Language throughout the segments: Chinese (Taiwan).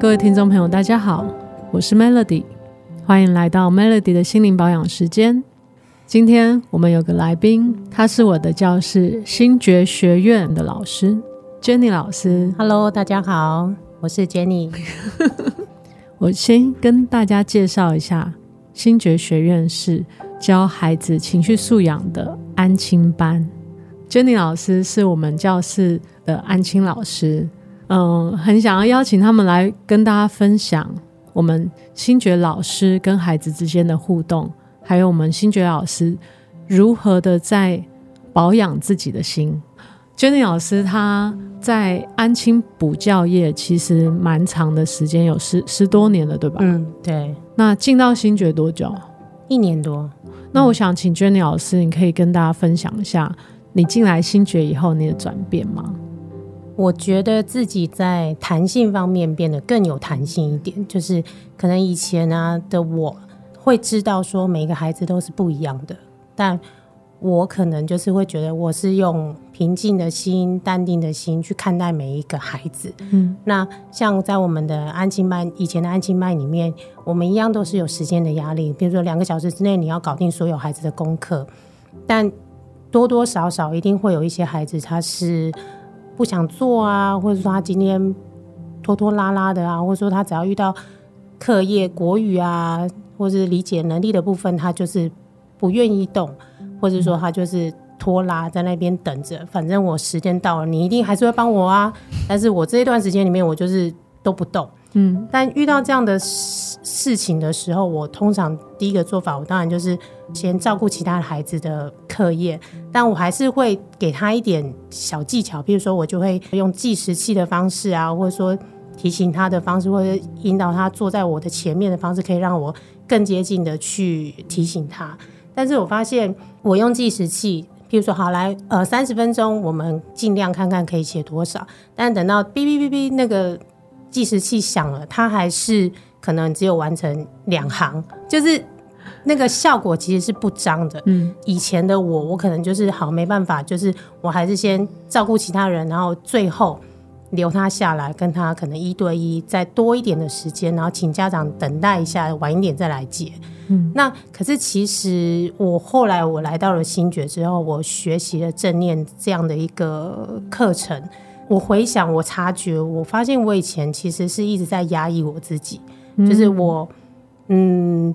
各位聽眾朋友，大家好，我是 Melody，歡迎來到 Melody 的心靈保養時間。今天我們有個來賓，他是我的教室心覺學苑的老師是 Jenny 老師。Hello，大家好，我是 Jenny。 我先跟大家介紹一下，心覺學苑是教孩子情緒素養的安親班。Jenny 老師是我們教室的安親老師。嗯，很想要邀請他們來跟大家分享我們心覺老師跟孩子之間的互動，還有我們心覺老師如何的在保養自己的心。Jenny 老師她在安親補教業其實蠻長的時間，有十十多年了，對吧？嗯，對。那進到心覺多久？一年多。那我想請 Jenny 老師，你可以跟大家分享一下你進來心覺以後你的轉變嗎？我覺得自己在彈性方面變得更有彈性一點，就是可能以前呢、啊、的我會知道說每個孩子都是不一樣的，但我可能就是會覺得我是用平靜的心、淡定的心去看待每一個孩子。嗯，那像在我們的安親班，以前的安親班裡面，我們一樣都是有時間的壓力，比如說，兩個小時之內你要搞定所有孩子的功課，但多多少少一定會有一些孩子他是。不想做啊，或者說他今天拖拖拉拉的啊，或者說他只要遇到課業、國語啊，或是理解能力的部分，他就是不願意動，或者說他就是拖拉在那邊等着。反正我時間到了，你一定還是會幫我啊。但是我這一段時間裡面，我就是都不動。嗯，但遇到這樣的事，事情的時候，我通常第一個做法，我當然就是先照顧其他孩子的課業，但我還是會給他一點小技巧，譬如說我就會用計時器的方式啊，或者說提醒他的方式，或者引導他坐在我的前面的方式，可以讓我更接近的去提醒他。但是我發現我用計時器，譬如說好來，呃，三十分鐘，我們儘量看看可以寫多少。但等到嗶嗶嗶嗶那個計時器響了，他還是可能只有完成兩行，就是。那個效果其實是不彰的。嗯，以前的我，我可能就是好，沒辦法，就是我還是先照顧其他人，然後最後留他下來，跟他可能一對一再多一點的時間，然後請家長等待一下，晚一點再來接。嗯，那可是其實我後來我來到了心覺之後，我學習了正念這樣的一個課程，我回想，我察覺，我發現我以前其實是一直在壓抑我自己，就是我，嗯。嗯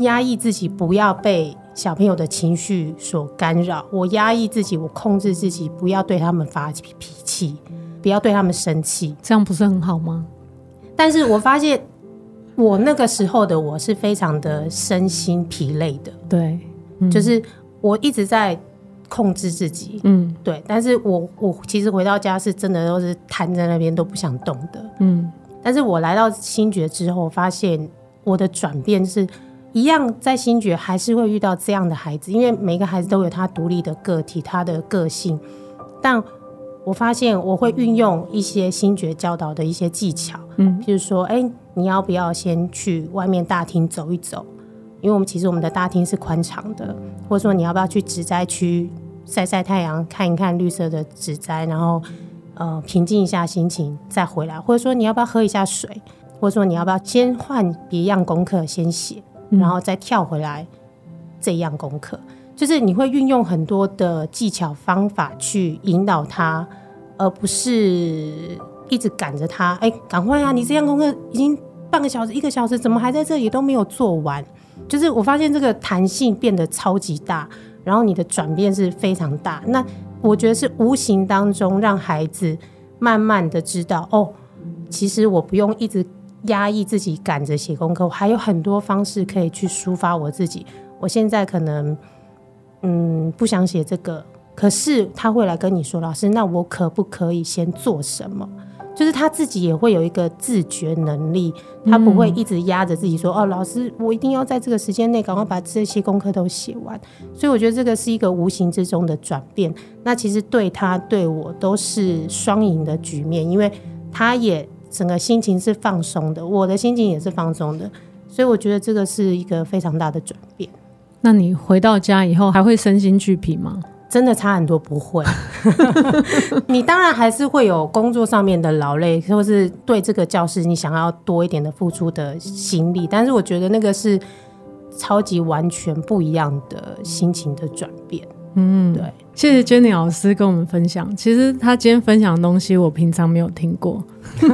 壓抑自己，不要被小朋友的情緒所干擾。我壓抑自己，我控制自己，不要對他們發脾氣，不要對他們生氣，這樣不是很好嗎？但是我發現，我那個時候的我是非常的身心疲累的。對，嗯、就是我一直在控制自己。嗯，對。但是我我其實回到家是真的都是癱在那邊，都不想動的。嗯。但是我來到心覺之後，發現我的轉變是。一樣在心覺還是會遇到這樣的孩子，因為每個孩子都有他獨立的個體，他的個性。但我發現我會運用一些心覺教導的一些技巧，嗯，譬如說，哎、欸，你要不要先去外面大廳走一走？因為我們其實我們的大廳是寬敞的，或者說你要不要去植栽區曬晒太陽，看一看綠色的植栽，然後呃平靜一下心情再回來，或者說你要不要喝一下水，或者說你要不要先換別樣功課先寫。然後再跳回來，嗯、這樣功課就是你會運用很多的技巧方法去引導他，而不是一直趕着他。哎，趕快啊！你這樣功課已經半個小時、一個小時，怎麼還在這裡都沒有做完？就是我發現這個彈性變得超級大，然後你的轉變是非常大。那我覺得是無形當中讓孩子慢慢的知道，哦，其實我不用一直。壓抑自己趕着寫功課，我還有很多方式可以去抒發我自己。我現在可能，嗯，不想寫這個，可是他會來跟你說：“老師，那我可不可以先做什麼？”就是他自己也會有一個自覺能力，他不會一直壓着自己說：“嗯、哦，老師，我一定要在這個時間內趕快把這些功課都寫完。”所以我覺得這個是一個無形之中的轉變。那其實對他對我都是雙贏的局面，因為他也。整個心情是放鬆的，我的心情也是放鬆的，所以我覺得這個是一個非常大的轉變。那你回到家以後還會身心俱疲嗎？真的差很多，不會。 你當然還是會有工作上面的勞累，或是對這個教室你想要多一點的付出的心力，但是我覺得那個是超級完全不一樣的心情的轉變。嗯，對。謝謝 Jenny 老師跟我們分享。其實她今天分享的東西，我平常沒有聽過。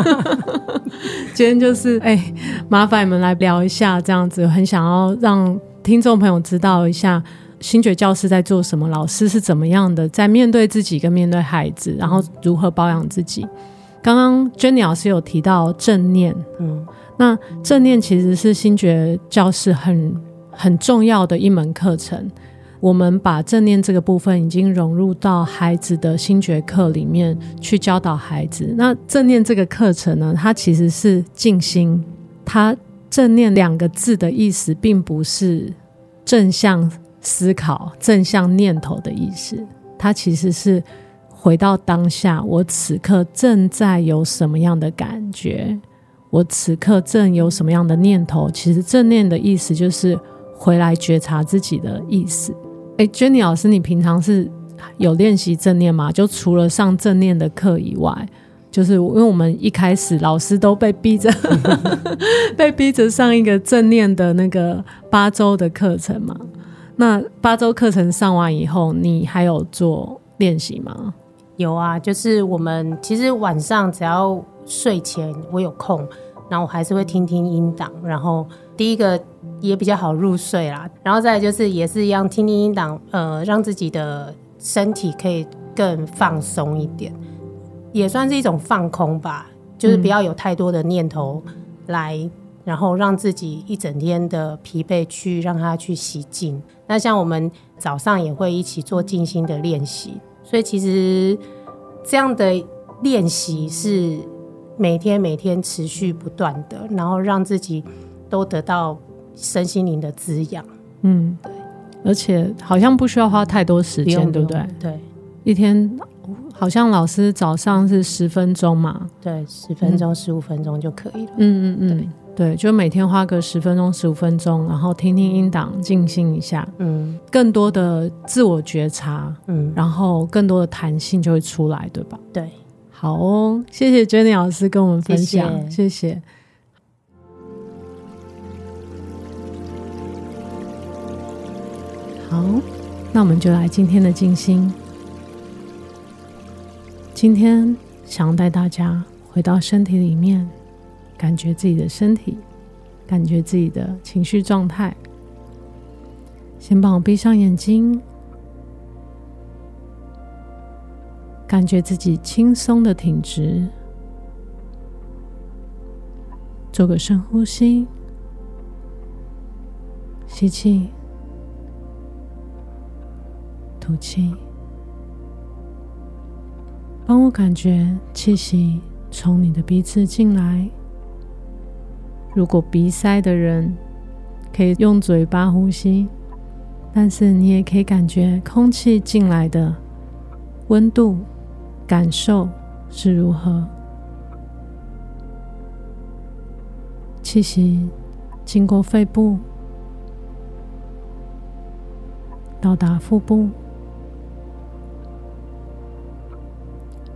今天就是，哎、欸，麻煩你們來聊一下，這樣子很想要讓聽眾朋友知道一下，心覺教師在做什麼，老師是怎麼樣的，在面對自己跟面對孩子，然後如何保養自己。剛剛 Jenny 老師有提到正念，嗯，那正念其實是心覺教師很很重要的一門課程。我們把正念這個部分已經融入到孩子的心覺課裡面去教導孩子。那正念這個課程呢，它其實是靜心。它正念兩個字的意思，並不是正向思考、正向念頭的意思。它其實是回到當下，我此刻正在有什麼樣的感覺，我此刻正有什麼樣的念頭。其實正念的意思就是回來覺察自己的意思。哎，Jenny 老師，你平常是有練習正念嗎？就除了上正念的課以外，就是因為我們一開始老師都被逼着 被逼着上一個正念的那個八周的課程嘛。那八周課程上完以後，你還有做練習嗎？有啊，就是我們其實晚上只要睡前我有空，然後我還是會聽聽音檔，然後第一個。也比較好入睡啦，然後再就是也是一樣聽聽音檔，呃，讓自己的身體可以更放鬆一點，也算是一種放空吧，就是不要有太多的念頭來，嗯、然後讓自己一整天的疲憊去讓它去洗淨。那像我們早上也會一起做靜心的練習，所以其實這樣的練習是每天每天持續不斷的，然後讓自己都得到。身心靈的滋養，嗯，對，而且好像不需要花太多時間，對不對？對，一天好像老師早上是十分鐘嘛，對，十分鐘十五分鐘就可以了。嗯嗯嗯，對，就每天花個十分鐘十五分鐘，然後聽聽音檔，靜心一下，嗯，更多的自我覺察，嗯，然後更多的彈性就會出來，對吧？對，好哦，謝謝 Jenny 老師跟我們分享，謝謝。好，那我們就來今天的靜心。今天想要帶大家回到身體裡面，感覺自己的身體，感覺自己的情緒狀態。先幫我閉上眼睛，感覺自己輕鬆的挺直，做個深呼吸，吸氣。吐氣，幫我感覺氣息從你的鼻子進來。如果鼻塞的人可以用嘴巴呼吸，但是你也可以感覺空氣進來的溫度感受是如何。氣息經過肺部，到達腹部。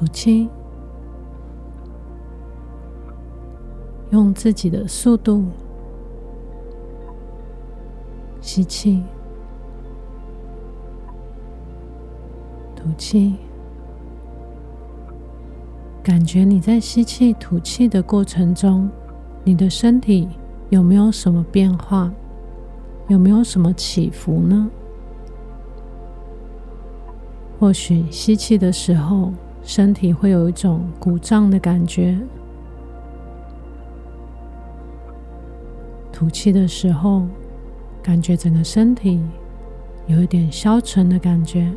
吐氣，用自己的速度吸氣、吐氣，感覺你在吸氣、吐氣的過程中，你的身體有沒有什麼變化？有沒有什麼起伏呢？或許吸氣的時候。身體會有一種鼓脹的感覺，吐氣的時候，感覺整個身體有一點消沉的感覺。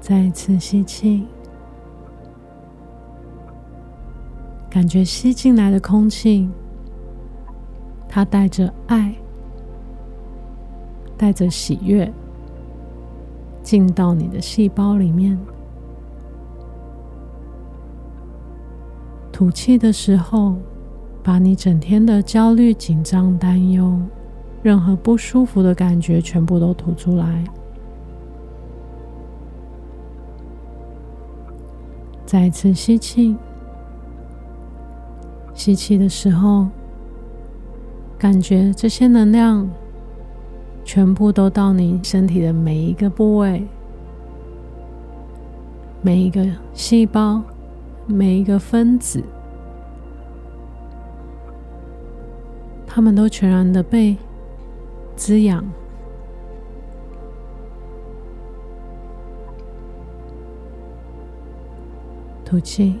再一次吸氣，感覺吸進來的空氣，它帶着愛，帶着喜悅。進到你的細胞裡面，吐氣的時候，把你整天的焦慮、緊張、擔憂，任何不舒服的感覺，全部都吐出來。再次吸氣，吸氣的時候，感覺這些能量。全部都到你身體的每一個部位，每一個細胞，每一個分子，他們都全然的被滋養。吐氣，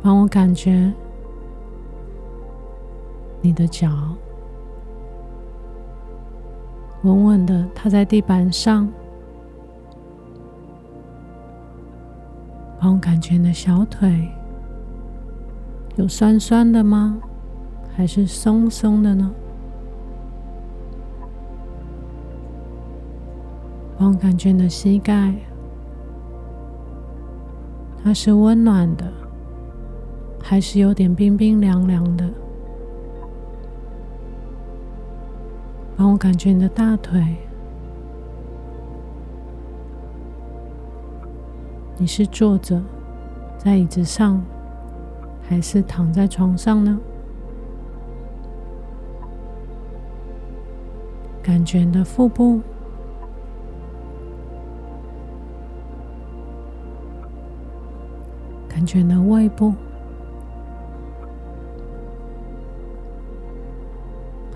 幫我感覺。你的腳穩穩的踏在地板上，王感覺你的小腿有酸酸的嗎？還是鬆鬆的呢？王感覺你的膝蓋，它是溫暖的，還是有點冰冰涼涼的？讓我感覺你的大腿，你是坐着在椅子上，還是躺在床上呢？感覺你的腹部，感覺你的胃部，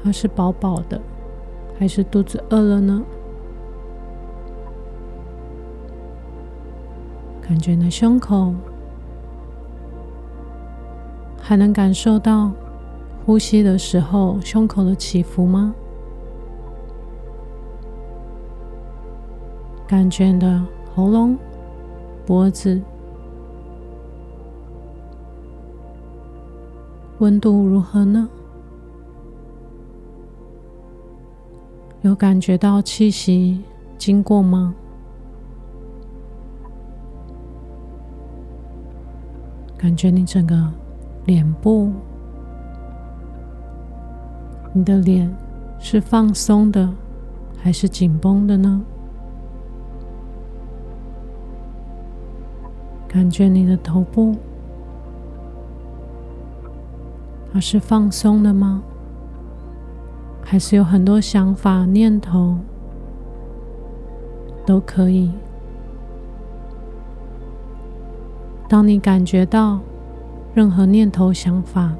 它是飽飽的，還是肚子餓了呢？感覺你的胸口，還能感受到呼吸的時候胸口的起伏嗎？感覺你的喉嚨、脖子溫度如何呢？有感覺到氣息經過嗎？感覺你整個臉部，你的臉是放鬆的還是緊繃的呢？感覺你的頭部，它是放鬆的嗎？還是有很多想法、念頭都可以。當你感覺到任何念頭、想法，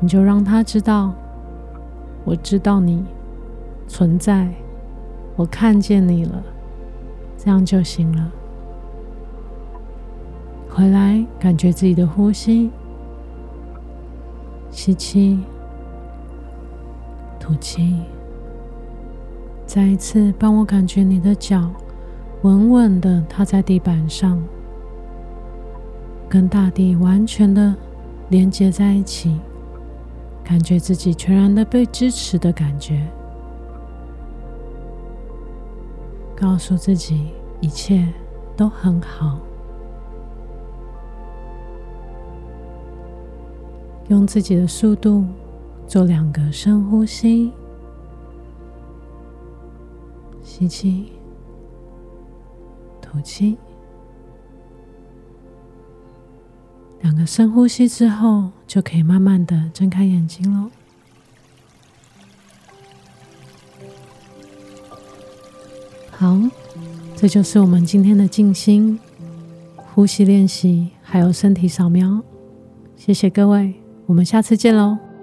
你就讓他知道，我知道你存在，我看見你了，這樣就行了。回來，感覺自己的呼吸。吸氣，吐氣，再一次幫我感覺你的腳穩穩的踏在地板上，跟大地完全的連接在一起，感覺自己全然的被支持的感覺。告訴自己，一切都很好。用自己的速度做兩個深呼吸，吸氣，吐氣。兩個深呼吸之後，就可以慢慢的睜開眼睛囉。好，這就是我們今天的靜心呼吸練習，還有身體掃描。謝謝各位。我們下次見嘍。